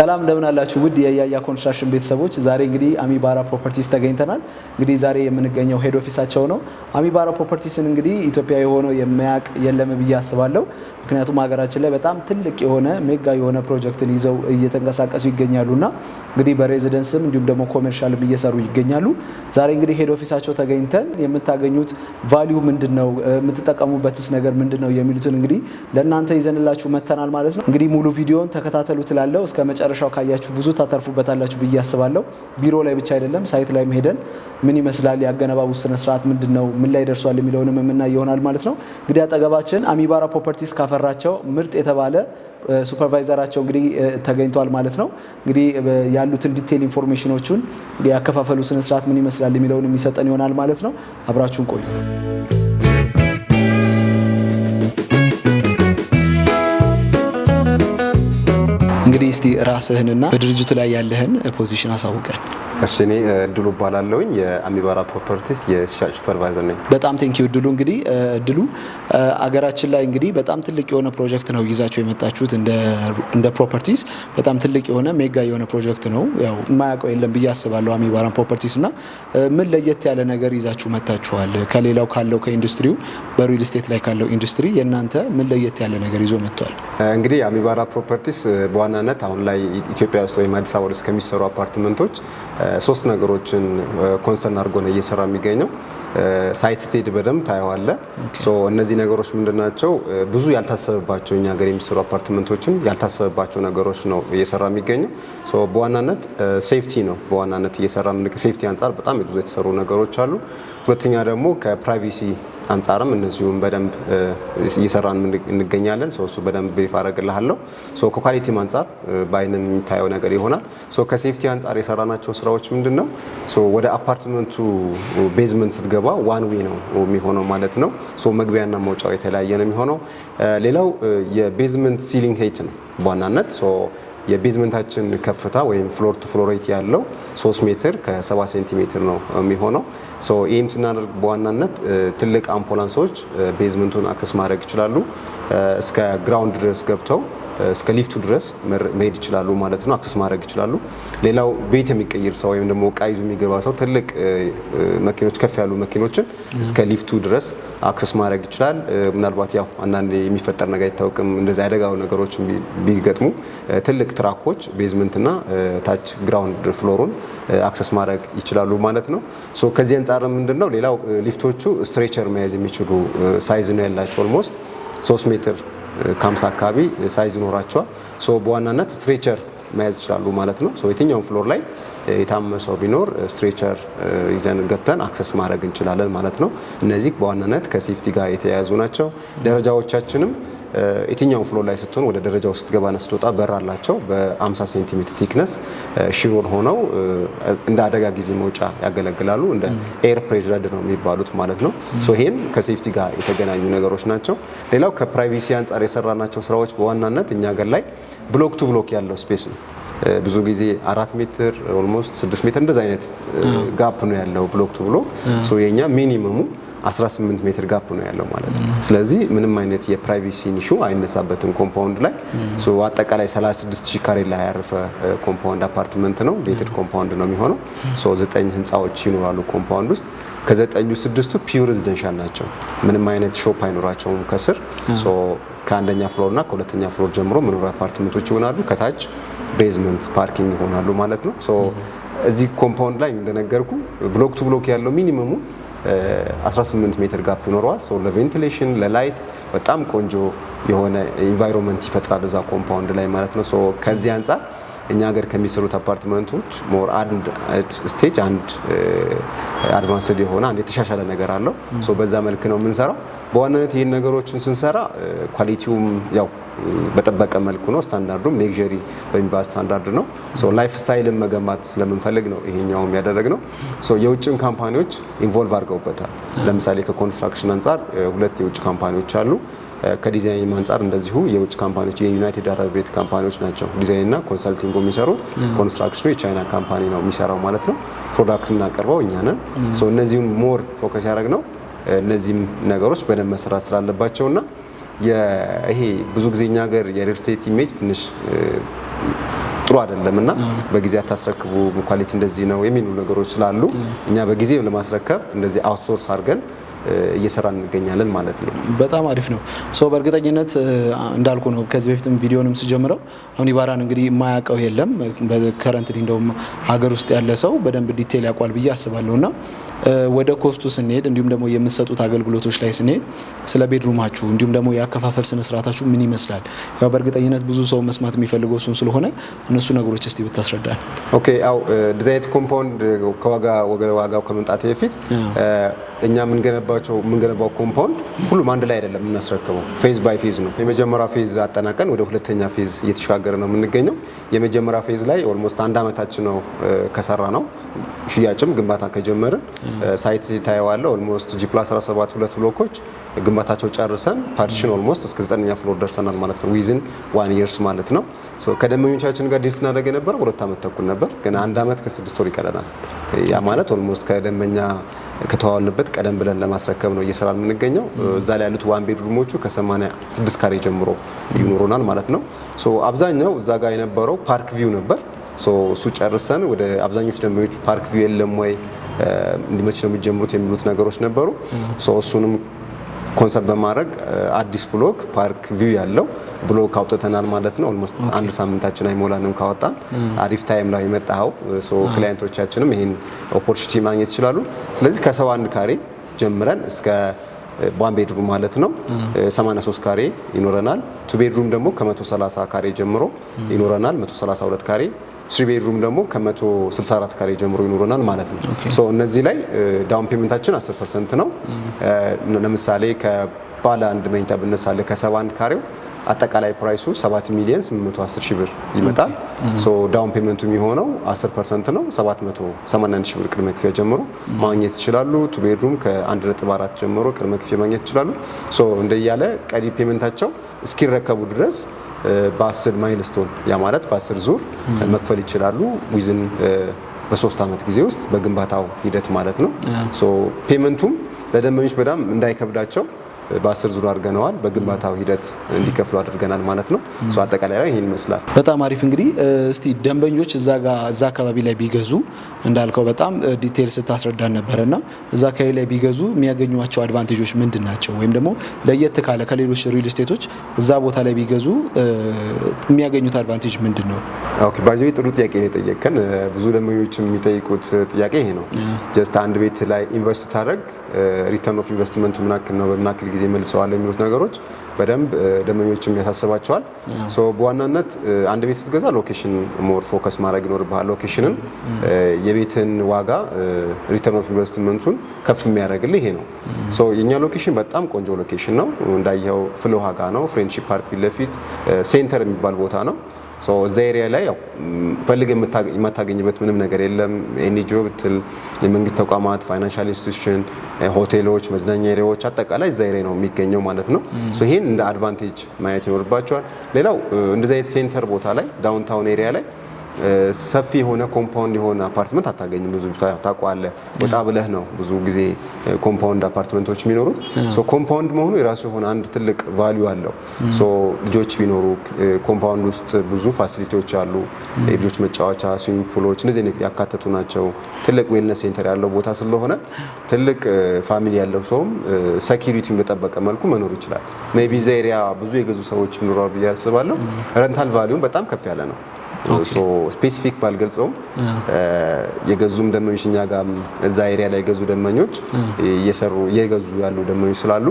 ሰላም እንደምን አላችሁ ውድ የያያ ኮንስትራክሽን ቤተሰቦች፣ ዛሬ እንግዲህ አሚባራ ፕሮፐርቲስ ተገኝተናል። እንግዲህ ዛሬ የምንገኘው ሄድ ኦፊሳቸው ነው። አሚባራ ፕሮፐርቲስን እንግዲህ ኢትዮጵያ የሆነ የሚያቅ የለም ብዬ አስባለሁ። ምክንያቱም ሀገራችን ላይ በጣም ትልቅ የሆነ ሜጋ የሆነ ፕሮጀክትን ይዘው እየተንቀሳቀሱ ይገኛሉና እንግዲህ በሬዚደንስም እንዲሁም ደግሞ ኮሜርሻልም እየሰሩ ይገኛሉ። ዛሬ እንግዲህ ሄድ ኦፊሳቸው ተገኝተን የምታገኙት ቫሊዩ ምንድን ነው፣ የምትጠቀሙበትስ ነገር ምንድን ነው የሚሉትን እንግዲህ ለእናንተ ይዘንላችሁ መተናል ማለት ነው። እንግዲህ ሙሉ ቪዲዮን ተከታተሉ ትላለው እስከ መጨረሻው ካያችሁ ብዙ ታተርፉበታላችሁ ብዬ አስባለሁ። ቢሮ ላይ ብቻ አይደለም ሳይት ላይም ሄደን ምን ይመስላል የአገነባቡ ስነ ስርዓት ምንድን ነው፣ ምን ላይ ደርሷል የሚለውንም የምናይ ይሆናል ማለት ነው። እንግዲህ አጠገባችን አሚባራ ፕሮፐርቲስ ካፈራቸው ምርጥ የተባለ ሱፐርቫይዘራቸው እንግዲህ ተገኝቷል ማለት ነው። እንግዲህ ያሉትን ዲቴል ኢንፎርሜሽኖቹን ያከፋፈሉ ስነስርዓት ምን ይመስላል የሚለውን የሚሰጠን ይሆናል ማለት ነው። አብራችሁን ቆዩ። እንግዲህ እስቲ ራስህንና በድርጅቱ ላይ ያለህን ፖዚሽን አሳውቀን። እሺ እኔ እድሉ እባላለሁኝ የአሚባራ ፕሮፐርቲስ የሽያጭ ሱፐርቫይዘር ነኝ። በጣም ቴንኪው እድሉ። እንግዲህ እድሉ አገራችን ላይ እንግዲህ በጣም ትልቅ የሆነ ፕሮጀክት ነው ይዛቸው የመጣችሁት እንደ ፕሮፐርቲስ በጣም ትልቅ የሆነ ሜጋ የሆነ ፕሮጀክት ነው። ያው የማያውቀው የለም ብዬ አስባለሁ አሚባራን ፕሮፐርቲስ እና ምን ለየት ያለ ነገር ይዛችሁ መጥታችኋል? ከሌላው ካለው ከኢንዱስትሪው በሪል ስቴት ላይ ካለው ኢንዱስትሪ የእናንተ ምን ለየት ያለ ነገር ይዞ መጥቷል? እንግዲህ የአሚባራ ፕሮፐርቲስ በዋናነት አሁን ላይ ኢትዮጵያ ውስጥ ወይም አዲስ አበባ ውስጥ ከሚሰሩ አፓርትመንቶች ሶስት ነገሮችን ኮንሰርን አድርጎ ነው እየሰራ የሚገኘው። ሳይት ስትሄድ በደንብ ታየዋለ። እነዚህ ነገሮች ምንድናቸው? ብዙ ያልታሰበባቸው እኛ ሀገር የሚሰሩ አፓርትመንቶችን ያልታሰበባቸው ነገሮች ነው እየሰራ የሚገኘው። በዋናነት ሴፍቲ ነው በዋናነት እየሰራ ሴፍቲ አንጻር በጣም ብዙ የተሰሩ ነገሮች አሉ። ሁለተኛ ደግሞ ከፕራይቬሲ አንጻርም እነዚሁም በደንብ እየሰራን እንገኛለን። እሱ በደንብ ብሪፍ አደርግልሃለሁ። ከኳሊቲም አንጻር በአይንም የሚታየው ነገር ይሆናል። ከሴፍቲ አንጻር የሰራናቸው ስራዎች ምንድን ነው? ወደ አፓርትመንቱ ቤዝመንት ስትገባ ዋን ዌይ ነው የሚሆነው ማለት ነው። መግቢያና መውጫው የተለያየ ነው የሚሆነው። ሌላው የቤዝመንት ሲሊንግ ሄይት ነው በዋናነት የቤዝመንታችን ከፍታ ወይም ፍሎር ቱ ፍሎሬት ያለው 3 ሜትር ከ70 ሴንቲሜትር ነው የሚሆነው። ይህም ስናደርግ በዋናነት ትልቅ አምቡላንሶች ቤዝመንቱን አክሰስ ማድረግ ይችላሉ። እስከ ግራውንድ ድረስ ገብተው እስከ ሊፍቱ ድረስ መሄድ ይችላሉ ማለት ነው፣ አክሰስ ማድረግ ይችላሉ። ሌላው ቤት የሚቀይር ሰው ወይም ደግሞ እቃ ይዞ የሚገባ ሰው ትልቅ መኪኖች፣ ከፍ ያሉ መኪኖችን እስከ ሊፍቱ ድረስ አክሰስ ማድረግ ይችላል። ምናልባት ያው አንዳንድ የሚፈጠር ነገር አይታወቅም፣ እንደዚህ አደጋው ነገሮች ቢገጥሙ ትልቅ ትራኮች ቤዝመንትና ታች ግራውንድ ፍሎሩን አክሰስ ማድረግ ይችላሉ ማለት ነው። ሶ ከዚህ አንጻር ነው ሌላው ሊፍቶቹ ስትሬቸር መያዝ የሚችሉ ሳይዝ ነው ያላቸው ኦልሞስት ሶስት ሜትር ከሀምሳ አካባቢ ሳይዝ ይኖራቸዋል። ሶ በዋናነት ስትሬቸር መያዝ ይችላሉ ማለት ነው። ሶ የትኛውም ፍሎር ላይ የታመመ ሰው ቢኖር ስትሬቸር ይዘን ገብተን አክሰስ ማድረግ እንችላለን ማለት ነው። እነዚህ በዋናነት ከሴፍቲ ጋር የተያያዙ ናቸው። ደረጃዎቻችንም የትኛውን ፍሎ ላይ ስትሆን ወደ ደረጃው ስትገባና ስትወጣ በር አላቸው። በ50 ሴንቲሜትር ቲክነስ ሽሮን ሆነው እንደ አደጋ ጊዜ መውጫ ያገለግላሉ። እንደ ኤር ፕሬዥረድ ነው የሚባሉት ማለት ነው። ይሄም ከሴፍቲ ጋር የተገናኙ ነገሮች ናቸው። ሌላው ከፕራይቬሲ አንጻር የሰራናቸው ስራዎች በዋናነት እኛ ገር ላይ ብሎክ ቱ ብሎክ ያለው ስፔስ ነው። ብዙ ጊዜ አራት ሜትር ኦልሞስት ስድስት ሜትር እንደዚ አይነት ጋፕ ነው ያለው ብሎክ ቱ ብሎክ። የእኛ ሚኒመሙ 18 ሜትር ጋፕ ነው ያለው ማለት ነው። ስለዚህ ምንም አይነት የፕራይቬሲ ኢሹ አይነሳበትም ኮምፓውንድ ላይ አጠቃላይ 36000 ካሬ ላይ ያረፈ ኮምፓውንድ አፓርትመንት ነው። ሌትድ ኮምፓውንድ ነው የሚሆነው። ዘጠኝ ህንፃዎች ይኖራሉ ኮምፓውንድ ውስጥ ከዘጠኙ ስድስቱ ፒዩር ሬዚደንሻል ናቸው። ምንም አይነት ሾፕ አይኖራቸውም ከስር ከአንደኛ ፍሎር እና ከሁለተኛ ፍሎር ጀምሮ መኖሪያ አፓርትመንቶች ይሆናሉ። ከታች ቤዝመንት ፓርኪንግ ይሆናሉ ማለት ነው። እዚህ ኮምፓውንድ ላይ እንደነገርኩ ብሎክ ቱ ብሎክ ያለው ሚኒመሙ 18 ሜትር ጋፕ ይኖረዋል። ሰው ለቬንቲሌሽን ለላይት በጣም ቆንጆ የሆነ ኢንቫይሮንመንት ይፈጥራል እዛ ኮምፓውንድ ላይ ማለት ነው። ከዚህ አንጻር እኛ ሀገር ከሚሰሩት አፓርትመንቶች ሞር አንድ ስቴጅ አንድ አድቫንስድ የሆነ አንድ የተሻሻለ ነገር አለው። ሶ በዛ መልክ ነው የምንሰራው። በዋናነት ይህን ነገሮችን ስንሰራ ኳሊቲውም ያው በጠበቀ መልኩ ነው። ስታንዳርዱም ሌክዠሪ በሚባል ስታንዳርድ ነው። ሶ ላይፍ ስታይልን መገንባት ስለምንፈልግ ነው ይሄኛውም ያደረግ ነው። ሶ የውጭን ካምፓኒዎች ኢንቮልቭ አድርገውበታል። ለምሳሌ ከኮንስትራክሽን አንጻር ሁለት የውጭ ካምፓኒዎች አሉ። ከዲዛይን አንጻር እንደዚሁ የውጭ ካምፓኒዎች የዩናይትድ አረብ ኤምሬት ካምፓኒዎች ናቸው ዲዛይንና ኮንሰልቲንግ የሚሰሩት። ኮንስትራክሽኑ የቻይና ካምፓኒ ነው የሚሰራው ማለት ነው። ፕሮዳክት እናቀርበው እኛ ነን። እነዚህም ሞር ፎከስ ያደረግ ነው። እነዚህም ነገሮች በደንብ መሰራት ስላለባቸውና ይሄ ብዙ ጊዜ እኛ ሀገር የሪል ስቴት ኢሜጅ ትንሽ ጥሩ አይደለም እና በጊዜ አታስረክቡ ኳሊቲ እንደዚህ ነው የሚሉ ነገሮች ስላሉ እኛ በጊዜ ለማስረከብ እንደዚህ አውትሶርስ አድርገን እየሰራ እንገኛለን ማለት ነው። በጣም አሪፍ ነው። ሶ በእርግጠኝነት እንዳልኩ ነው ከዚህ በፊትም ቪዲዮንም ስጀምረው አሁን ኢባራን እንግዲህ የማያውቀው የለም። ከረንት እንደውም ሀገር ውስጥ ያለ ሰው በደንብ ዲቴል ያውቋል ብዬ አስባለሁ እና ወደ ኮስቱ ስንሄድ እንዲሁም ደግሞ የምትሰጡት አገልግሎቶች ላይ ስንሄድ ስለ ቤድሩማችሁ እንዲሁም ደግሞ የአከፋፈል ስነ ምን ይመስላል? ያው በእርግጠኝነት ብዙ ሰው መስማት የሚፈልገው እሱን ስለሆነ እነሱ ነገሮች እስቲ ብታስረዳል። ኦኬ ያው እንደዚህ ኮምፓውንድ ከዋጋ ዋጋው ከመምጣት በፊት እኛ የምንገነባቸው የምንገነባው ኮምፓውንድ ሁሉም አንድ ላይ አይደለም የምናስረክበው፣ ፌዝ ባይ ፌዝ ነው። የመጀመሪያ ፌዝ አጠናቀን ወደ ሁለተኛ ፌዝ እየተሸጋገረ ነው የምንገኘው። የመጀመሪያ ፌዝ ላይ ኦልሞስት አንድ አመታችን ነው ከሰራ ነው ሽያጭም ግንባታ ከጀመርን ሳይት ታየዋለ። ኦልሞስት ጂ ፕላስ 17 ሁለት ብሎኮች ግንባታቸው ጨርሰን ፓርቲሽን ኦልሞስት እስከ 9ኛ ፍሎር ደርሰናል ማለት ነው። ዊዝን ዋን ይርስ ማለት ነው። ሶ ከደንበኞቻችን ጋር ዲል ስናደርግ የነበረው ሁለት ዓመት ተኩል ነበር፣ ግን አንድ ዓመት ከስድስት ወር ይቀረናል። ያ ማለት ኦልሞስት ከደንበኛ ከተዋወልንበት ቀደም ብለን ለማስረከብ ነው እየሰራ የምንገኘው። እዛ ላይ ያሉት ዋን ቤድ ሩሞቹ ከ86 ካሬ ጀምሮ ይኖሩናል ማለት ነው። ሶ አብዛኛው እዛ ጋር የነበረው ፓርክ ቪው ነበር። ሶ እሱ ጨርሰን ወደ አብዛኞቹ ደንበኞች ፓርክ ቪው የለም ወይ እንዲመች ነው የሚጀምሩት የሚሉት ነገሮች ነበሩ። እሱንም ኮንሰርት በማድረግ አዲስ ብሎክ ፓርክ ቪው ያለው ብሎክ አውጥተናል ማለት ነው። ኦልሞስት አንድ ሳምንታችን አይሞላንም ካወጣን። አሪፍ ታይም ላይ የመጣኸው ክላይንቶቻችንም ይህን ኦፖርቹኒቲ ማግኘት ይችላሉ። ስለዚህ ከሰባ አንድ ካሬ ጀምረን እስከ ዋን ቤድሩም ማለት ነው 83 ካሬ ይኖረናል። ቱ ቤድሩም ደግሞ ከ130 ካሬ ጀምሮ ይኖረናል 132 ካሬ ስሪ ቤድሩም ደግሞ ከ164 ካሬ ጀምሮ ይኖረናል ማለት ነው። ሶ እነዚህ ላይ ዳውን ፔመንታችን 10 ፐርሰንት ነው። ለምሳሌ ከባለ አንድ መኝታ ብነሳለ ከ71 ካሬው አጠቃላይ ፕራይሱ 7 ሚሊዮን 810 ሺህ ብር ይመጣል። ሶ ዳውን ፔመንቱ የሚሆነው 10 ፐርሰንት ነው። 781 ሺህ ብር ቅድመ ክፍያ ጀምሮ ማግኘት ይችላሉ። ቱ ቤድሩም ከ1.4 ጀምሮ ቅድመ ክፍያ ማግኘት ይችላሉ። ሶ እንደያለ ቀሪ ፔመንታቸው እስኪረከቡ ድረስ በ10 ማይልስቶን ያ ማለት በ10 ዙር መክፈል ይችላሉ ዊዝን በሶስት ዓመት ጊዜ ውስጥ በግንባታው ሂደት ማለት ነው። ሶ ፔመንቱም ለደንበኞች በጣም እንዳይከብዳቸው በአስር ዙር አድርገነዋል። በግንባታው ሂደት እንዲከፍሉ አድርገናል ማለት ነው። እሱ አጠቃላይ ላይ ይህን ይመስላል። በጣም አሪፍ እንግዲህ እስቲ ደንበኞች እዛ አካባቢ ላይ ቢገዙ እንዳልከው በጣም ዲቴል ስታስረዳን ነበረ እና እዛ አካባቢ ላይ ቢገዙ የሚያገኟቸው አድቫንቴጆች ምንድን ናቸው? ወይም ደግሞ ለየት ካለ ከሌሎች ሪል ስቴቶች እዛ ቦታ ላይ ቢገዙ የሚያገኙት አድቫንቴጅ ምንድን ነው? ኦኬ ጥሩ ጥያቄ ነው የጠየቀን። ብዙ ደንበኞች የሚጠይቁት ጥያቄ ይሄ ነው። ጀስት አንድ ቤት ላይ ኢንቨስት ታደረግ ሪተርን ኦፍ ኢንቨስትመንቱ ምናክል ነው፣ በምናክል ጊዜ መልሰዋል የሚሉት ነገሮች በደንብ ደንበኞችም ያሳስባቸዋል። በዋናነት አንድ ቤት ስትገዛ ሎኬሽን ሞር ፎከስ ማድረግ ይኖርብሃል። ሎኬሽንን የቤትን ዋጋ ሪተርን ኦፍ ኢንቨስትመንቱን ከፍ የሚያደርግልህ ይሄ ነው። ሶ የእኛ ሎኬሽን በጣም ቆንጆ ሎኬሽን ነው። እንዳየኸው ፍሎሃ ጋ ነው፣ ፍሬንድሺፕ ፓርክ ፊት ለፊት ሴንተር የሚባል ቦታ ነው። እዛ ኤሪያ ላይ ያው ፈልግ የማታገኝበት ምንም ነገር የለም። ኤንጂኦ ብትል የመንግስት ተቋማት፣ ፋይናንሻል ኢንስቲቱሽን፣ ሆቴሎች፣ መዝናኛ ኤሪያዎች አጠቃላይ እዛ ኤሪያ ነው የሚገኘው ማለት ነው። ይህን እንደ አድቫንቴጅ ማየት ይኖርባቸዋል። ሌላው እንደዚህ አይነት ሴንተር ቦታ ላይ ዳውንታውን ኤሪያ ላይ ሰፊ የሆነ ኮምፓውንድ የሆነ አፓርትመንት አታገኝም። ብዙ ታውቀዋለህ። ወጣ ብለህ ነው ብዙ ጊዜ ኮምፓውንድ አፓርትመንቶች የሚኖሩት። ኮምፓውንድ መሆኑ የራሱ የሆነ አንድ ትልቅ ቫሊዩ አለው። ልጆች ቢኖሩ ኮምፓውንድ ውስጥ ብዙ ፋሲሊቲዎች አሉ። የልጆች መጫወቻ፣ ስዊሚንግ ፑሎች እነዚህ ያካተቱ ናቸው። ትልቅ ዌልነስ ሴንተር ያለው ቦታ ስለሆነ ትልቅ ፋሚሊ ያለው ሰውም ሴኪሪቲን በጠበቀ መልኩ መኖር ይችላል። ሜይ ቢ ዘ ኤሪያ ብዙ የገዙ ሰዎች ይኖራሉ ብዬ አስባለሁ። ረንታል ቫሊዩም በጣም ከፍ ያለ ነው። ስፔሲፊክ ባልገልጸውም የገዙም ደመኞች እኛ ጋር እዛ ኤሪያ ላይ የገዙ ደመኞች እየሰሩ እየገዙ ያሉ ደመኞች ስላሉ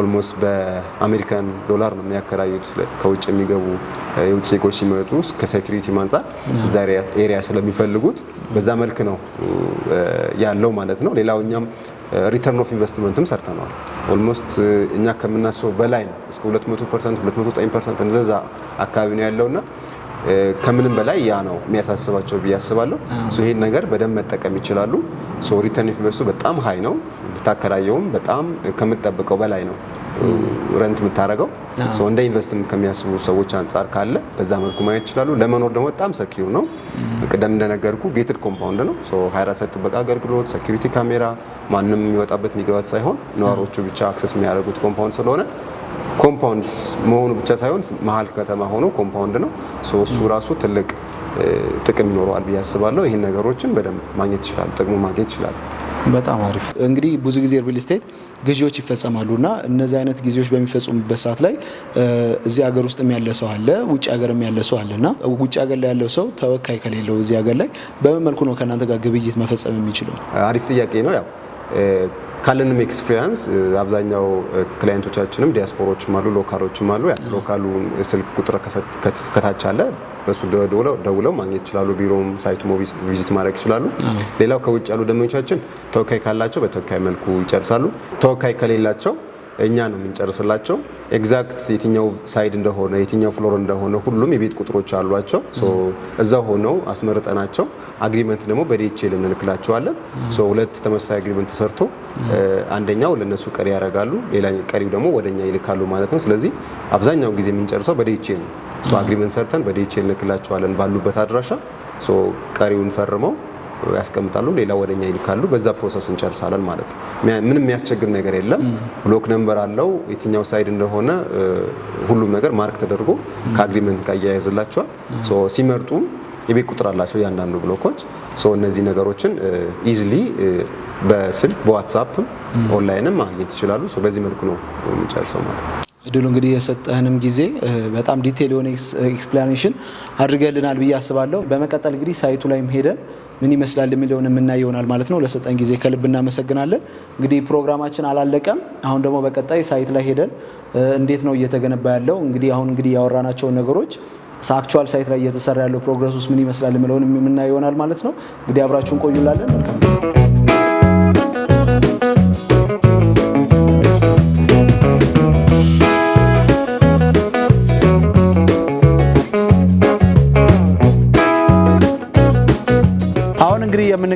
ኦልሞስት በአሜሪካን ዶላር ነው የሚያከራዩት። ከውጭ የሚገቡ የውጭ ዜጎች ሲመጡ ከሴኪሪቲ አንጻር እዛ ኤሪያ ስለሚፈልጉት በዛ መልክ ነው ያለው ማለት ነው። ሌላው እኛም ሪተርን ኦፍ ኢንቨስትመንትም ሰርተነዋል። ኦልሞስት እኛ ከምናስበው በላይ ነው። እስከ 200 ፐርሰንት 209 ፐርሰንት እንደዛ አካባቢ ነው ያለውና ከምንም በላይ ያ ነው የሚያሳስባቸው ብዬ አስባለሁ። ይሄን ነገር በደንብ መጠቀም ይችላሉ። ሪተርን ኢንቨስቱ በጣም ሀይ ነው። ብታከራየውም በጣም ከምጠብቀው በላይ ነው ረንት የምታደርገው እንደ ኢንቨስትም ከሚያስቡ ሰዎች አንጻር ካለ በዛ መልኩ ማየት ይችላሉ። ለመኖር ደግሞ በጣም ሰኪሩ ነው። ቅደም እንደነገርኩ ጌትድ ኮምፓውንድ ነው። 24 ሰዓት ጥበቃ አገልግሎት፣ ሴኪሪቲ ካሜራ፣ ማንም የሚወጣበት የሚገባት ሳይሆን ነዋሪዎቹ ብቻ አክሰስ የሚያደርጉት ኮምፓውንድ ስለሆነ ኮምፓውንድ መሆኑ ብቻ ሳይሆን መሀል ከተማ ሆኖ ኮምፓውንድ ነው። እሱ ራሱ ትልቅ ጥቅም ይኖረዋል ብዬ አስባለሁ። ይህን ነገሮችን በደንብ ማግኘት ይችላል፣ ጥቅሙ ማግኘት ይችላል። በጣም አሪፍ። እንግዲህ ብዙ ጊዜ ሪል ስቴት ግዢዎች ይፈጸማሉ እና እነዚህ አይነት ጊዜዎች በሚፈጽሙበት ሰዓት ላይ እዚህ ሀገር ውስጥም ያለ ሰው አለ፣ ውጭ ሀገርም ያለ ሰው አለ እና ውጭ ሀገር ላይ ያለው ሰው ተወካይ ከሌለው እዚህ ሀገር ላይ በምን መልኩ ነው ከእናንተ ጋር ግብይት መፈጸም የሚችለው? አሪፍ ጥያቄ ነው ያው ካለንም ኤክስፒሪያንስ አብዛኛው ክላይንቶቻችንም ዲያስፖሮችም አሉ፣ ሎካሎችም አሉ። ሎካሉ ስልክ ቁጥር ከታች አለ። በሱ ደውለው ማግኘት ይችላሉ። ቢሮም ሳይቱ ቪዚት ማድረግ ይችላሉ። ሌላው ከውጭ ያሉ ደንበኞቻችን ተወካይ ካላቸው በተወካይ መልኩ ይጨርሳሉ። ተወካይ ከሌላቸው እኛ ነው የምንጨርስላቸው። ኤግዛክት የትኛው ሳይድ እንደሆነ የትኛው ፍሎር እንደሆነ ሁሉም የቤት ቁጥሮች አሏቸው። እዛ ሆነው አስመርጠናቸው አግሪመንት ደግሞ በዲኤችኤል እንልክላቸዋለን። ሁለት ተመሳሳይ አግሪመንት ተሰርቶ mm. አንደኛው ለነሱ ቀሪ ያደርጋሉ፣ ሌላ ቀሪው ደግሞ ወደኛ ይልካሉ ማለት ነው። ስለዚህ አብዛኛውን ጊዜ የምንጨርሰው በዲኤችኤል ነው። አግሪመንት mm. ሰርተን በዲኤችኤል እንልክላቸዋለን ባሉበት አድራሻ ቀሪውን ፈርመው ያስቀምጣሉ፣ ሌላ ወደኛ ይልካሉ። በዛ ፕሮሰስ እንጨርሳለን ማለት ነው። ምንም የሚያስቸግር ነገር የለም። ብሎክ ነምበር አለው የትኛው ሳይድ እንደሆነ ሁሉም ነገር ማርክ ተደርጎ ከአግሪመንት ጋር እያያዝላቸዋል። ሲመርጡ የቤት ቁጥር አላቸው እያንዳንዱ ብሎኮች። እነዚህ ነገሮችን ኢዝሊ በስልክ በዋትሳፕ ኦንላይንም ማግኘት ይችላሉ። በዚህ መልኩ ነው የሚጨርሰው ማለት ነው። እድሉ እንግዲህ የሰጠህንም ጊዜ በጣም ዲቴል የሆነ ኤክስፕላኔሽን አድርገልናል ብዬ አስባለሁ። በመቀጠል እንግዲህ ሳይቱ ላይም ሄደን ምን ይመስላል የሚለውን የምናይ ይሆናል ማለት ነው። ለሰጠን ጊዜ ከልብ እናመሰግናለን። እንግዲህ ፕሮግራማችን አላለቀም። አሁን ደግሞ በቀጣይ ሳይት ላይ ሄደን እንዴት ነው እየተገነባ ያለው እንግዲህ አሁን እንግዲህ ያወራናቸውን ነገሮች አክቹዋል ሳይት ላይ እየተሰራ ያለው ፕሮግረስ ውስጥ ምን ይመስላል የሚለውን የምናይ ይሆናል ማለት ነው። እንግዲህ አብራችሁን ቆዩላለን። መልካም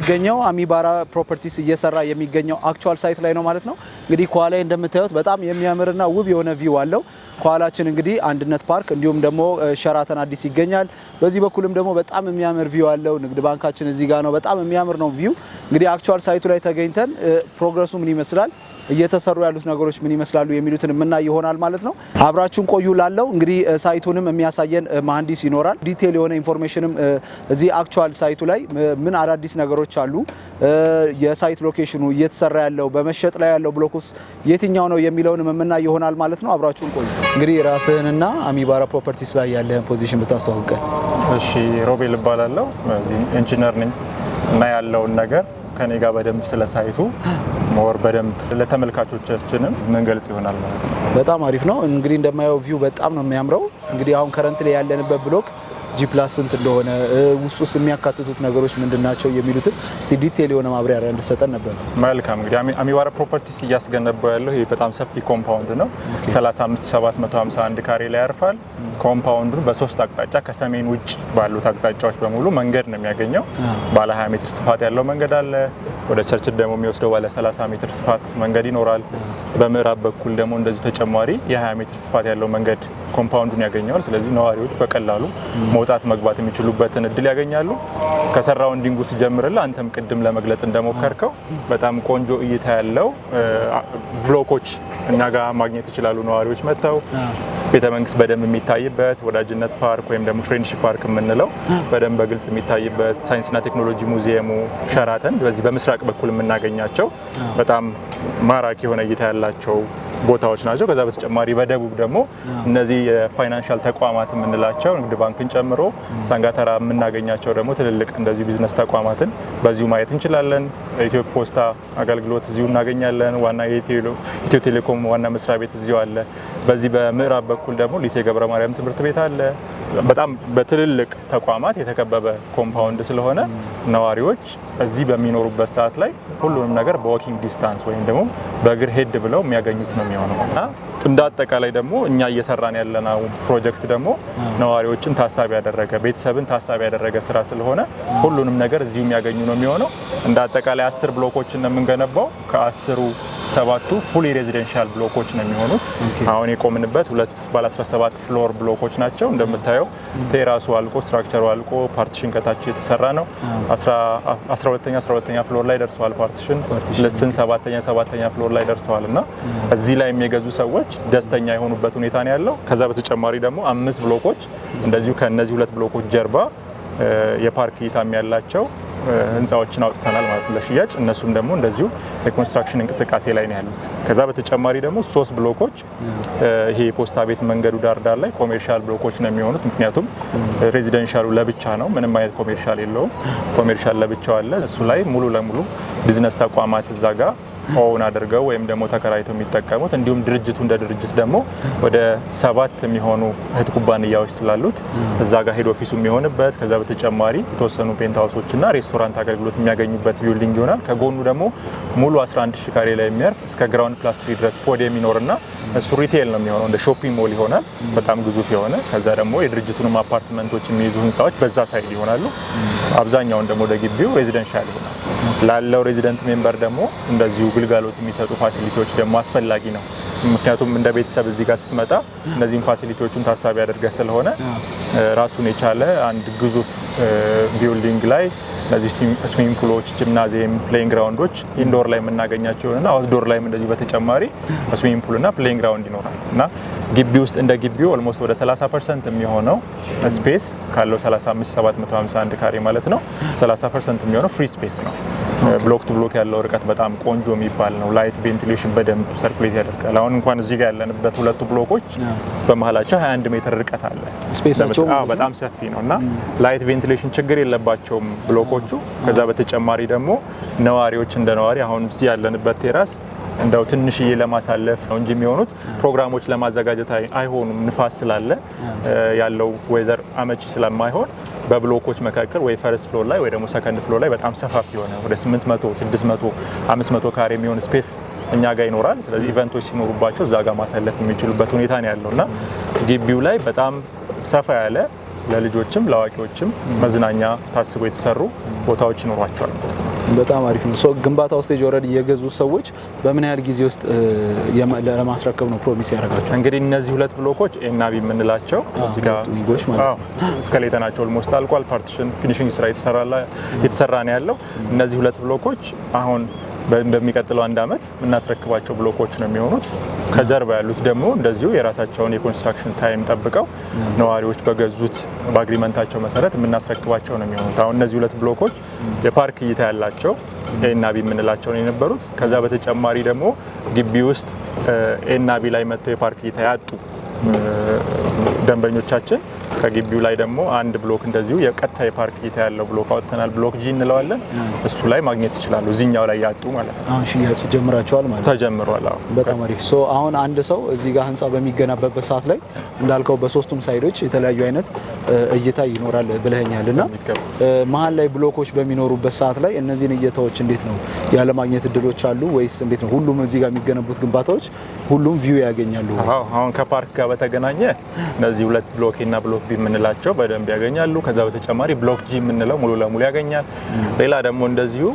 የምንገኘው አሚባራ ፕሮፐርቲስ እየሰራ የሚገኘው አክቹዋል ሳይት ላይ ነው ማለት ነው። እንግዲህ ከኋላ እንደምታዩት በጣም የሚያምርና ውብ የሆነ ቪው አለው። ከኋላችን እንግዲህ አንድነት ፓርክ እንዲሁም ደግሞ ሸራተን አዲስ ይገኛል። በዚህ በኩልም ደግሞ በጣም የሚያምር ቪው አለው። ንግድ ባንካችን እዚህ ጋር ነው። በጣም የሚያምር ነው ቪው። እንግዲህ አክቹዋል ሳይቱ ላይ ተገኝተን ፕሮግረሱ ምን ይመስላል እየተሰሩ ያሉት ነገሮች ምን ይመስላሉ የሚሉትን የምናይ ይሆናል ማለት ነው። አብራችሁን ቆዩ። ላለው እንግዲህ ሳይቱንም የሚያሳየን መሀንዲስ ይኖራል። ዲቴል የሆነ ኢንፎርሜሽንም እዚህ አክቹዋል ሳይቱ ላይ ምን አዳዲስ ነገሮች አሉ፣ የሳይት ሎኬሽኑ እየተሰራ ያለው በመሸጥ ላይ ያለው ብሎኩስ የትኛው ነው የሚለውንም የምናይ ይሆናል ማለት ነው። አብራችሁን ቆዩ። እንግዲህ ራስህንና አሚባራ ፕሮፐርቲስ ላይ ያለህን ፖዚሽን ብታስተዋውቀን። እሺ፣ ሮቤል እባላለሁ። ኢንጂነር ነኝ እና ያለውን ነገር ከኔ ጋር በደንብ ስለ ሳይቱ ሞር በደንብ ለተመልካቾቻችንም ምንገልጽ ይሆናል ማለት ነው። በጣም አሪፍ ነው። እንግዲህ እንደማየው ቪው በጣም ነው የሚያምረው። እንግዲህ አሁን ከረንት ላይ ያለንበት ብሎክ ጂፕላስ ስንት እንደሆነ ውስጥ ውስጥ የሚያካትቱት ነገሮች ምንድናቸው የሚሉትን እስቲ ዲቴል የሆነ ማብራሪያ እንድሰጠን ነበር። መልካም እንግዲህ አሚዋራ ፕሮፐርቲስ እያስገነባው ያለው ይህ በጣም ሰፊ ኮምፓውንድ ነው። 35751 ካሬ ላይ ያርፋል። ኮምፓውንዱ በሶስት አቅጣጫ ከሰሜን ውጭ ባሉት አቅጣጫዎች በሙሉ መንገድ ነው የሚያገኘው። ባለ 20 ሜትር ስፋት ያለው መንገድ አለ። ወደ ቸርች ደግሞ የሚወስደው ባለ 30 ሜትር ስፋት መንገድ ይኖራል። በምዕራብ በኩል ደግሞ እንደዚህ ተጨማሪ የ20 ሜትር ስፋት ያለው መንገድ ኮምፓውንዱን ያገኘዋል። ስለዚህ ነዋሪዎች በቀላሉ መውጣት መግባት የሚችሉበትን እድል ያገኛሉ። እንዲንጉ ሲጀምርል አንተም ቅድም ለመግለጽ እንደሞከርከው በጣም ቆንጆ እይታ ያለው ብሎኮች እኛ ጋር ማግኘት ይችላሉ። ነዋሪዎች መጥተው ቤተ መንግስት በደንብ የሚታይበት፣ ወዳጅነት ፓርክ ወይም ደግሞ ፍሬንድሽ ፓርክ የምንለው በደንብ በግልጽ የሚታይበት፣ ሳይንስና ቴክኖሎጂ ሙዚየሙ፣ ሸራተን በዚህ በምስራቅ በኩል የምናገኛቸው በጣም ማራኪ የሆነ እይታ ያላቸው ቦታዎች ናቸው። ከዛ በተጨማሪ በደቡብ ደግሞ እነዚህ የፋይናንሻል ተቋማት የምንላቸው ንግድ ባንክን ጨምሮ ሳንጋተራ የምናገኛቸው ደግሞ ትልልቅ እንደዚህ ቢዝነስ ተቋማትን በዚሁ ማየት እንችላለን። ኢትዮ ፖስታ አገልግሎት እዚሁ እናገኛለን። ዋና ኢትዮ ቴሌኮም ዋና መስሪያ ቤት እዚሁ አለ። በዚህ በምዕራብ በኩል ደግሞ ሊሴ ገብረ ማርያም ትምህርት ቤት አለ። በጣም በትልልቅ ተቋማት የተከበበ ኮምፓውንድ ስለሆነ ነዋሪዎች እዚህ በሚኖሩበት ሰዓት ላይ ሁሉንም ነገር በዋኪንግ ዲስታንስ ወይም ደግሞ በእግር ሄድ ብለው የሚያገኙት ነው የሚሆነው እና እንደ አጠቃላይ ደግሞ እኛ እየሰራን ያለነው ፕሮጀክት ደግሞ ነዋሪዎችን ታሳቢ ያደረገ ቤተሰብን ታሳቢ ያደረገ ስራ ስለሆነ ሁሉንም ነገር እዚሁ የሚያገኙ ነው የሚሆነው። እንደ አጠቃላይ አስር ብሎኮችን ነው የምንገነባው። ከአስሩ ሰባቱ ፉሊ ሬዚደንሻል ብሎኮች ነው የሚሆኑት። አሁን የቆምንበት ሁለት ባለ 17 ፍሎር ብሎኮች ናቸው። እንደምታየው ቴራሱ አልቆ ስትራክቸሩ አልቆ ፓርቲሽን ከታች የተሰራ ነው። 12ኛ 12ኛ ፍሎር ላይ ደርሰዋል ፓርቲሽን ልስን 7 ሰባተኛ ፍሎር ላይ ደርሰዋል እና እዚህ ላይ የሚገዙ ሰዎች ደስተኛ የሆኑበት ሁኔታ ነው ያለው። ከዛ በተጨማሪ ደግሞ አምስት ብሎኮች እንደዚሁ ከእነዚህ ሁለት ብሎኮች ጀርባ የፓርክ እይታም ያላቸው ህንፃዎችን አውጥተናል ማለት ነው ለሽያጭ። እነሱም ደግሞ እንደዚሁ የኮንስትራክሽን እንቅስቃሴ ላይ ነው ያሉት። ከዛ በተጨማሪ ደግሞ ሶስት ብሎኮች ይሄ የፖስታ ቤት መንገዱ ዳር ዳር ላይ ኮሜርሻል ብሎኮች ነው የሚሆኑት። ምክንያቱም ሬዚደንሻሉ ለብቻ ነው፣ ምንም አይነት ኮሜርሻል የለውም። ኮሜርሻል ለብቻው አለ። እሱ ላይ ሙሉ ለሙሉ ቢዝነስ ተቋማት እዛ ጋር ኦውን አድርገው ወይም ደግሞ ተከራይተው የሚጠቀሙት እንዲሁም ድርጅቱ እንደ ድርጅት ደግሞ ወደ ሰባት የሚሆኑ እህት ኩባንያዎች ስላሉት እዛ ጋር ሄድ ኦፊሱ የሚሆንበት ከዛ በተጨማሪ የተወሰኑ ፔንትሃውሶች እና ሬስቶራንት አገልግሎት የሚያገኙበት ቢውልዲንግ ይሆናል። ከጎኑ ደግሞ ሙሉ 11 ሺ ካሬ ላይ የሚያርፍ እስከ ግራውንድ ፕላስ ትሪ ድረስ ፖድ የሚኖርና እሱ ሪቴል ነው የሚሆነው እንደ ሾፒንግ ሞል ይሆናል። በጣም ግዙፍ የሆነ ከዛ ደግሞ የድርጅቱንም አፓርትመንቶች የሚይዙ ህንፃዎች በዛ ሳይድ ይሆናሉ። አብዛኛውን ደግሞ ወደ ግቢው ሬዚደንሻል ይሆናል። ላለው ሬዚደንት ሜምበር ደግሞ እንደዚሁ ግልጋሎት የሚሰጡ ፋሲሊቲዎች ደግሞ አስፈላጊ ነው። ምክንያቱም እንደ ቤተሰብ እዚህ ጋር ስትመጣ እነዚህም ፋሲሊቲዎቹን ታሳቢ አድርገህ ስለሆነ ራሱን የቻለ አንድ ግዙፍ ቢውልዲንግ ላይ እነዚህ ስዊሚንግ ፑሎች፣ ጂምናዚየም፣ ፕሌን ግራውንዶች ኢንዶር ላይ የምናገኛቸው እና አውትዶር ላይም እንደዚሁ በተጨማሪ ስዊሚንግ ፑል እና ግራውንድ ይኖራል እና ግቢ ውስጥ እንደ ግቢው ኦልሞስት ወደ 30 ፐርሰንት የሚሆነው ስፔስ ካለው 35751 ካሬ ማለት ነው 30 ፐርሰንት የሚሆነው ፍሪ ስፔስ ነው። ብሎክ ቱ ብሎክ ያለው ርቀት በጣም ቆንጆ የሚባል ነው። ላይት ቬንቲሌሽን በደንብ ሰርኩሌት ያደርጋል። አሁን እንኳን እዚህ ጋር ያለንበት ሁለቱ ብሎኮች በመሀላቸው 21 ሜትር ርቀት አለ። በጣም ሰፊ ነው እና ላይት ቬንቲሌሽን ችግር የለባቸውም ብሎኮቹ። ከዛ በተጨማሪ ደግሞ ነዋሪዎች እንደ ነዋሪ አሁን እዚህ ያለንበት ቴራስ እንደው ትንሽዬ ለማሳለፍ ነው እንጂ የሚሆኑት ፕሮግራሞች ለማዘጋጀት አይሆኑም። ንፋስ ስላለ ያለው ወይዘር አመቺ ስለማይሆን በብሎኮች መካከል ወይ ፈርስት ፍሎር ላይ ወይ ደግሞ ሰከንድ ፍሎር ላይ በጣም ሰፋፊ የሆነ ወደ 800፣ 600፣ 500 ካሬ የሚሆን ስፔስ እኛ ጋር ይኖራል። ስለዚህ ኢቨንቶች ሲኖሩባቸው እዛ ጋር ማሳለፍ የሚችሉበት ሁኔታ ነው ያለው እና ግቢው ላይ በጣም ሰፋ ያለ ለልጆችም ለአዋቂዎችም መዝናኛ ታስቦ የተሰሩ ቦታዎች ይኖሯቸዋል ማለት ነው። በጣም አሪፍ ነው። ሶ ግንባታው ስቴጅ ኦልሬዲ የገዙ ሰዎች በምን ያህል ጊዜ ውስጥ uh, ለማስረከብ ነው ፕሮሚስ ያደርጋቸው? እንግዲህ እነዚህ ሁለት ብሎኮች ኤናቢ የምንላቸው እስከሌተናቸው ኦልሞስት አልቋል። ፓርቲሽን ፊኒሽንግ ስራ የተሰራ ነው ያለው። እነዚህ ሁለት ብሎኮች አሁን በሚቀጥለው አንድ አመት የምናስረክባቸው ብሎኮች ነው የሚሆኑት። ከጀርባ ያሉት ደግሞ እንደዚሁ የራሳቸውን የኮንስትራክሽን ታይም ጠብቀው ነዋሪዎች በገዙት በአግሪመንታቸው መሰረት የምናስረክባቸው ነው የሚሆኑት። አሁን እነዚህ ሁለት ብሎኮች የፓርክ እይታ ያላቸው ኤናቢ የምንላቸው ነው የነበሩት። ከዛ በተጨማሪ ደግሞ ግቢ ውስጥ ቢ ላይ መጥተው የፓርክ እይታ ያጡ ደንበኞቻችን ከግቢው ላይ ደግሞ አንድ ብሎክ እንደዚሁ የቀጥታ የፓርክ እይታ ያለው ብሎክ አወጥተናል። ብሎክ ጂ እንለዋለን። እሱ ላይ ማግኘት ይችላሉ። እዚህኛው ላይ ያጡ ማለት ነው። አሁን ሽያጭ ጀምራቸዋል ማለት ተጀምሯል። በጣም አሪፍ። ሶ አሁን አንድ ሰው እዚህ ጋር ህንፃ በሚገነባበት ሰዓት ላይ እንዳልከው በሶስቱም ሳይዶች የተለያዩ አይነት እይታ ይኖራል ብለኸኛል እና መሀል ላይ ብሎኮች በሚኖሩበት ሰዓት ላይ እነዚህን እይታዎች እንዴት ነው ያለማግኘት እድሎች አሉ ወይስ እንዴት ነው? ሁሉም እዚህ ጋር የሚገነቡት ግንባታዎች ሁሉም ቪው ያገኛሉ? አሁን ከፓርክ ጋር በተገናኘ እነዚህ ሁለት ብሎኬና ብሎክ ቢ የምንላቸው በደንብ ያገኛሉ። ከዛ በተጨማሪ ብሎክ ጂ የምንለው ሙሉ ለሙሉ ያገኛል። ሌላ ደግሞ እንደዚሁ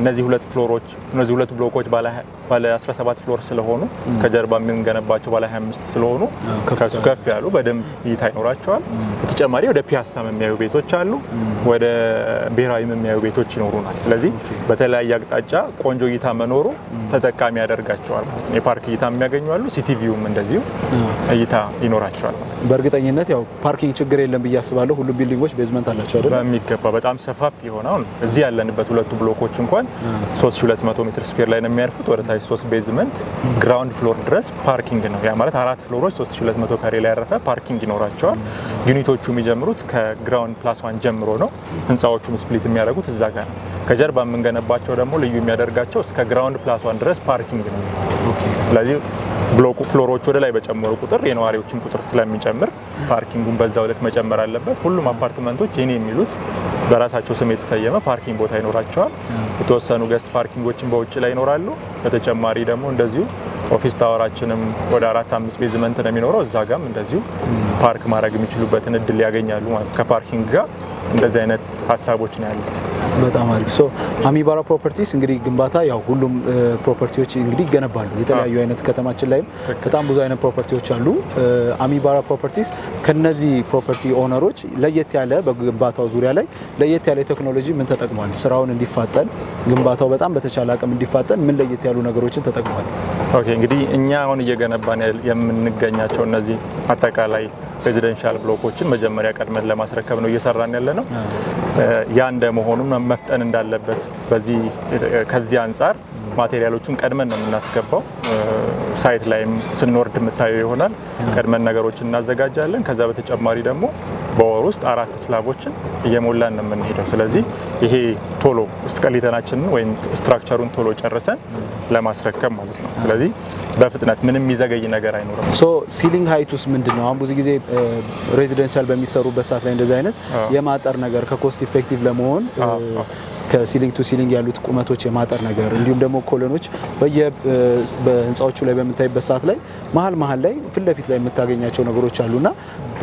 እነዚህ ሁለት ፍሎሮች እነዚህ ሁለት ብሎኮች ባለ ባለ 17 ፍሎር ስለሆኑ ከጀርባ የምንገነባቸው ባለ 25 ስለሆኑ ከሱ ከፍ ያሉ በደንብ እይታ ይኖራቸዋል። በተጨማሪ ወደ ፒያሳም የሚያዩ ቤቶች አሉ፣ ወደ ብሔራዊም የሚያዩ ቤቶች ይኖሩናል። ስለዚህ በተለያየ አቅጣጫ ቆንጆ እይታ መኖሩ ተጠቃሚ ያደርጋቸዋል ማለት ነው። የፓርክ እይታ የሚያገኙ አሉ፣ ሲቲቪውም እንደዚሁ እይታ ይኖራቸዋል ማለት ነው። በእርግጠኝነት ያው ፓርኪንግ ችግር የለም ብዬ አስባለሁ። ሁሉም ቢልዲንጎች ቤዝመንት አላቸው አይደል? በሚገባ በጣም ሰፋፊ የሆነውን እዚህ ያለንበት ሁለቱ ብሎኮች እንኳን 3200 ሜትር ስኩዌር ላይ ነው የሚያርፉት ወደ ታች ሶስት ቤዝመንት ግራውንድ ፍሎር ድረስ ፓርኪንግ ነው። ያ ማለት አራት ፍሎሮች 3200 ካሬ ላይ ያረፈ ፓርኪንግ ይኖራቸዋል። ዩኒቶቹ የሚጀምሩት ከግራውንድ ፕላስ ዋን ጀምሮ ነው። ህንፃዎቹም ስፕሊት የሚያደርጉት እዛ ጋር ነው። ከጀርባ የምንገነባቸው ደግሞ ልዩ የሚያደርጋቸው እስከ ግራውንድ ፕላስ ዋን ድረስ ፓርኪንግ ነው። ስለዚህ ብሎኩ ፍሎሮች ወደ ላይ በጨመሩ ቁጥር የነዋሪዎችን ቁጥር ስለሚጨምር ፓርኪንጉን በዛው ልክ መጨመር አለበት። ሁሉም አፓርትመንቶች የኔ የሚሉት በራሳቸው ስም የተሰየመ ፓርኪንግ ቦታ ይኖራቸዋል። የተወሰኑ ገስት ፓርኪንጎችን በውጭ ላይ ይኖራሉ። በተጨማሪ ደግሞ እንደዚሁ ኦፊስ ታወራችንም ወደ አራት አምስት ቤዝመንት ነው የሚኖረው። እዛ ጋም እንደዚሁ ፓርክ ማድረግ የሚችሉበትን እድል ያገኛሉ ማለት ከፓርኪንግ ጋር እንደዚህ አይነት ሀሳቦች ነው ያሉት። በጣም አሪፍ። ሶ አሚባራ ፕሮፐርቲስ እንግዲህ ግንባታ ያው ሁሉም ፕሮፐርቲዎች እንግዲህ ይገነባሉ የተለያዩ አይነት ከተማችን ላይም በጣም ብዙ አይነት ፕሮፐርቲዎች አሉ። አሚባራ ፕሮፐርቲስ ከነዚህ ፕሮፐርቲ ኦነሮች ለየት ያለ በግንባታው ዙሪያ ላይ ለየት ያለ ቴክኖሎጂ ምን ተጠቅሟል? ስራውን እንዲፋጠን ግንባታው በጣም በተቻለ አቅም እንዲፋጠን ምን ለየት ያሉ ነገሮችን ተጠቅሟል? ኦኬ እንግዲህ እኛ አሁን እየገነባን የምንገኛቸው እነዚህ አጠቃላይ ሬዚደንሻል ብሎኮችን መጀመሪያ ቀድመን ለማስረከብ ነው እየሰራን ያለ ነው። ያ እንደመሆኑም መፍጠን እንዳለበት በዚህ ከዚህ አንጻር ማቴሪያሎቹን ቀድመን ነው የምናስገባው። ሳይት ላይም ስንወርድ የምታየው ይሆናል። ቀድመን ነገሮችን እናዘጋጃለን። ከዛ በተጨማሪ ደግሞ በወር ውስጥ አራት ስላቦችን እየሞላን ነው የምንሄደው። ስለዚህ ይሄ ቶሎ እስቀሊተናችንን ወይም ስትራክቸሩን ቶሎ ጨርሰን ለማስረከብ ማለት ነው። ስለዚህ በፍጥነት ምንም የሚዘገይ ነገር አይኖርም። ሶ ሲሊንግ ሀይቱስ ምንድን ነው አሁን ብዙ ጊዜ ሬዚደንሻል በሚሰሩበት ሰዓት ላይ እንደዚህ አይነት የማጠር ነገር ከኮስት ኢፌክቲቭ ለመሆን ከሲሊንግ ቱ ሲሊንግ ያሉት ቁመቶች የማጠር ነገር እንዲሁም ደግሞ ኮሎኖች በህንፃዎቹ ላይ በምታይበት ሰዓት ላይ መሀል መሀል ላይ ፊት ለፊት ላይ የምታገኛቸው ነገሮች አሉና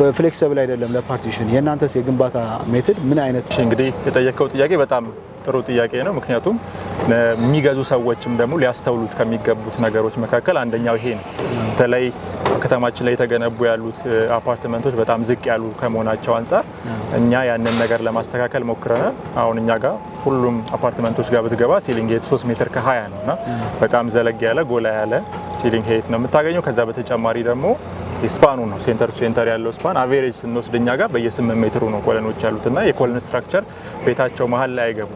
በፍሌክሰብል አይደለም ለፓርቲሽን። የእናንተስ የግንባታ ሜትድ ምን አይነት? እንግዲህ የጠየቀው ጥያቄ በጣም ጥሩ ጥያቄ ነው። ምክንያቱም የሚገዙ ሰዎችም ደግሞ ሊያስተውሉት ከሚገቡት ነገሮች መካከል አንደኛው ይሄ ነው። በተለይ ከተማችን ላይ የተገነቡ ያሉት አፓርትመንቶች በጣም ዝቅ ያሉ ከመሆናቸው አንጻር እኛ ያንን ነገር ለማስተካከል ሞክረናል። አሁን እኛ ጋር ሁሉም አፓርትመንቶች ጋር ብትገባ ሲሊንግ ሄት 3 ሜትር ከ20 ነው እና በጣም ዘለግ ያለ ጎላ ያለ ሲሊንግ ሄት ነው የምታገኘው። ከዛ በተጨማሪ ደግሞ ስፓኑ ነው ሴንተር ሴንተር ያለው ስፓን አቬሬጅ ስንወስድ እኛ ጋር በየ8 ሜትሩ ነው ኮለኖች ያሉት እና የኮለን ስትራክቸር ቤታቸው መሀል ላይ አይገቡ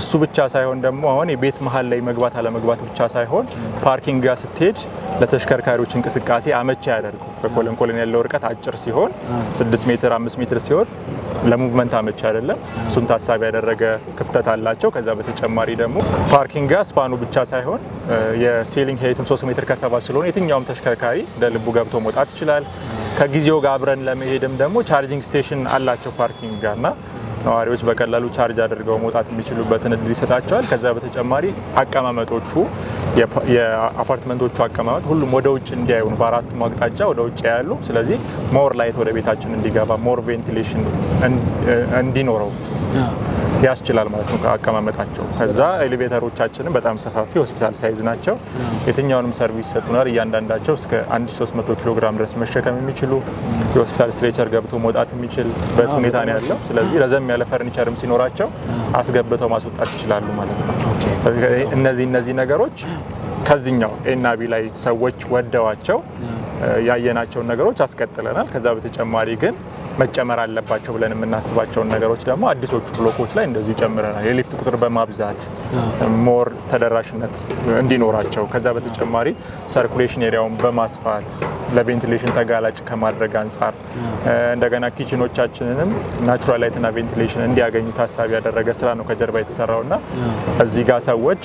እሱ ብቻ ሳይሆን ደግሞ አሁን የቤት መሀል ላይ መግባት አለመግባት ብቻ ሳይሆን ፓርኪንግ ጋር ስትሄድ ለተሽከርካሪዎች እንቅስቃሴ አመቻ ያደርገው በኮለን ኮለን ያለው ርቀት አጭር ሲሆን 6 ሜትር 5 ሜትር ሲሆን ለሙቭመንት አመቻ አይደለም። እሱን ታሳቢ ያደረገ ክፍተት አላቸው። ከዛ በተጨማሪ ደግሞ ፓርኪንግ ጋር ስፓኑ ብቻ ሳይሆን የሴሊንግ ሄይቱም 3 ሜትር ከሰባ ስለሆነ የትኛውም ተሽከርካሪ እንደ ልቡ ገብቶ መውጣት ይችላል። ከጊዜው ጋር አብረን ለመሄድም ደግሞ ቻርጂንግ ስቴሽን አላቸው ፓርኪንግ ጋር እና ነዋሪዎች በቀላሉ ቻርጅ አድርገው መውጣት የሚችሉበትን እድል ይሰጣቸዋል። ከዛ በተጨማሪ አቀማመጦቹ የአፓርትመንቶቹ አቀማመጥ ሁሉም ወደ ውጭ እንዲያዩ በአራቱም አቅጣጫ ወደ ውጭ ያሉ፣ ስለዚህ ሞር ላይት ወደ ቤታችን እንዲገባ ሞር ቬንቲሌሽን እንዲኖረው ያስችላል ማለት ነው አቀማመጣቸው። ከዛ ኤሌቬተሮቻችንም በጣም ሰፋፊ ሆስፒታል ሳይዝ ናቸው። የትኛውንም ሰርቪስ ይሰጡናል። እያንዳንዳቸው እስከ 1300 ኪሎ ግራም ድረስ መሸከም የሚችሉ የሆስፒታል ስትሬቸር ገብቶ መውጣት የሚችልበት ሁኔታ ነው ያለው። ስለዚህ ረዘም ያለ ፈርኒቸርም ሲኖራቸው አስገብተው ማስወጣት ይችላሉ ማለት ነው። እነዚህ እነዚህ ነገሮች ከዚኛው ኤናቢ ላይ ሰዎች ወደዋቸው ያየናቸውን ነገሮች አስቀጥለናል። ከዛ በተጨማሪ ግን መጨመር አለባቸው ብለን የምናስባቸውን ነገሮች ደግሞ አዲሶቹ ብሎኮች ላይ እንደዚሁ ጨምረናል። የሊፍት ቁጥር በማብዛት ሞር ተደራሽነት እንዲኖራቸው፣ ከዛ በተጨማሪ ሰርኩሌሽን ኤሪያውን በማስፋት ለቬንቲሌሽን ተጋላጭ ከማድረግ አንጻር እንደገና ኪችኖቻችንንም ናቹራል ላይትና ቬንቲሌሽን እንዲያገኙ ታሳቢ ያደረገ ስራ ነው ከጀርባ የተሰራው እና እዚህ ጋር ሰዎች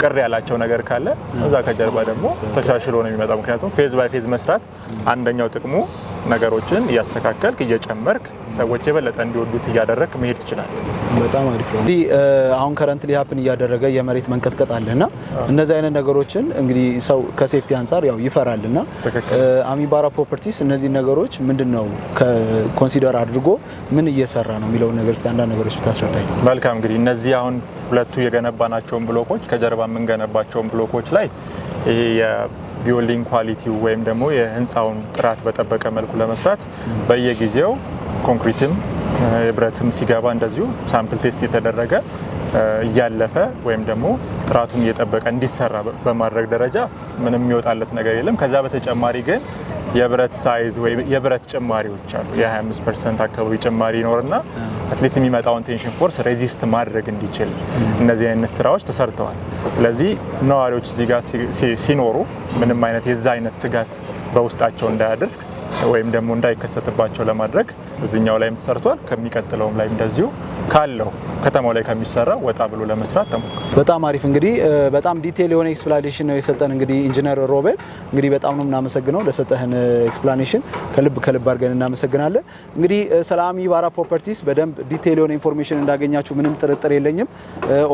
ቅር ያላቸው ነገር ካለ እዛ ከጀርባ ደግሞ ተሻሽሎ ነው የሚመጣው። ምክንያቱም ፌዝ ባይ ፌዝ መስራት አንደኛው ጥቅሙ ነገሮችን እያስተካከልክ እየጨመርክ ሰዎች የበለጠ እንዲወዱት እያደረግክ መሄድ ትችላለህ። በጣም አሪፍ ነው። እንግዲህ አሁን ከረንትሊ ሀፕን እያደረገ የመሬት መንቀጥቀጥ አለና እነዚህ አይነት ነገሮችን እንግዲህ ሰው ከሴፍቲ አንጻር ያው ይፈራልና አሚባራ ፕሮፐርቲስ እነዚህ ነገሮች ምንድን ነው ኮንሲደር አድርጎ ምን እየሰራ ነው የሚለውን ነገር እስኪ አንዳንድ ነገሮች ብታስረዳኝ። መልካም እንግዲህ እነዚህ አሁን ሁለቱ የገነባናቸውን ብሎኮች ከጀርባ የምንገነባቸውን ብሎኮች ላይ ይሄ ቢውልዲንግ ኳሊቲው ወይም ደግሞ የህንፃውን ጥራት በጠበቀ መልኩ ለመስራት በየጊዜው ኮንክሪትም የብረትም ሲገባ እንደዚሁ ሳምፕል ቴስት የተደረገ እያለፈ ወይም ደግሞ ጥራቱን እየጠበቀ እንዲሰራ በማድረግ ደረጃ ምንም የሚወጣለት ነገር የለም። ከዛ በተጨማሪ ግን የብረት ሳይዝ ወይም የብረት ጭማሪዎች አሉ። የ25 ፐርሰንት አካባቢ ጭማሪ ይኖርና አትሊስት የሚመጣውን ቴንሽን ፎርስ ሬዚስት ማድረግ እንዲችል እነዚህ አይነት ስራዎች ተሰርተዋል። ስለዚህ ነዋሪዎች እዚህ ጋር ሲኖሩ ምንም አይነት የዛ አይነት ስጋት በውስጣቸው እንዳያደርግ ወይም ደግሞ እንዳይከሰትባቸው ለማድረግ እዚኛው ላይም ተሰርቷል። ከሚቀጥለውም ላይ እንደዚሁ ካለው ከተማው ላይ ከሚሰራ ወጣ ብሎ ለመስራት ተሞክሯል። በጣም አሪፍ እንግዲህ በጣም ዲቴል የሆነ ኤክስፕላኔሽን ነው የሰጠን እንግዲህ ኢንጂነር ሮቤል እንግዲህ በጣም ነው የምናመሰግነው ለሰጠህን ኤክስፕላኔሽን ከልብ ከልብ አድርገን እናመሰግናለን። እንግዲህ ስለ አሚባራ ፕሮፐርቲስ በደንብ ዲቴል የሆነ ኢንፎርሜሽን እንዳገኛችሁ ምንም ጥርጥር የለኝም።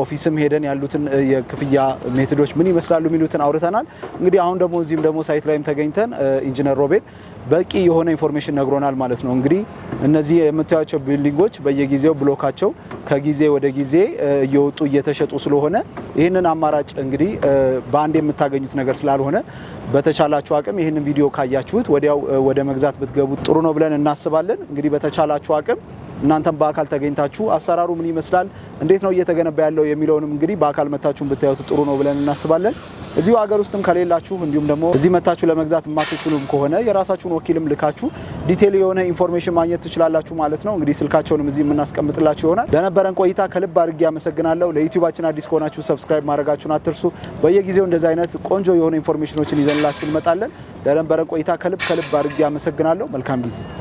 ኦፊስም ሄደን ያሉትን የክፍያ ሜቶዶች ምን ይመስላሉ የሚሉትን አውርተናል። እንግዲህ አሁን ደግሞ እዚህም ደግሞ ሳይት ላይም ተገኝተን ኢንጂነር ሮቤል በቂ የሆነ ኢንፎርሜሽን ነግሮናል ማለት ነው። እንግዲህ እነዚህ የምታያቸው ቢልዲንጎች በየጊዜው ብሎካቸው ናቸው። ከጊዜ ወደ ጊዜ እየወጡ እየተሸጡ ስለሆነ ይህንን አማራጭ እንግዲህ በአንድ የምታገኙት ነገር ስላልሆነ በተቻላችሁ አቅም ይህንን ቪዲዮ ካያችሁት ወዲያው ወደ መግዛት ብትገቡት ጥሩ ነው ብለን እናስባለን። እንግዲህ በተቻላችሁ አቅም እናንተም በአካል ተገኝታችሁ አሰራሩ ምን ይመስላል፣ እንዴት ነው እየተገነባ ያለው የሚለውንም እንግዲህ በአካል መታችሁን ብታዩት ጥሩ ነው ብለን እናስባለን። እዚሁ ሀገር ውስጥም ከሌላችሁ እንዲሁም ደግሞ እዚህ መታችሁ ለመግዛት የማትችሉም ከሆነ የራሳችሁን ወኪልም ልካችሁ ዲቴል የሆነ ኢንፎርሜሽን ማግኘት ትችላላችሁ ማለት ነው። እንግዲህ ስልካቸውንም እዚህ የምናስቀምጥላችሁ ይሆናል። ለነበረን ቆይታ ከልብ አድርጌ አመሰግናለሁ። ለዩቲዩባችን አዲስ ከሆናችሁ ሰብስክራይብ ማድረጋችሁን አትርሱ። በየጊዜው እንደዚህ አይነት ቆንጆ የሆነ ኢንፎርሜሽኖችን ይዘንላችሁ እንመጣለን። ለነበረን ቆይታ ከልብ ከልብ አድርጌ አመሰግናለሁ። መልካም ጊዜ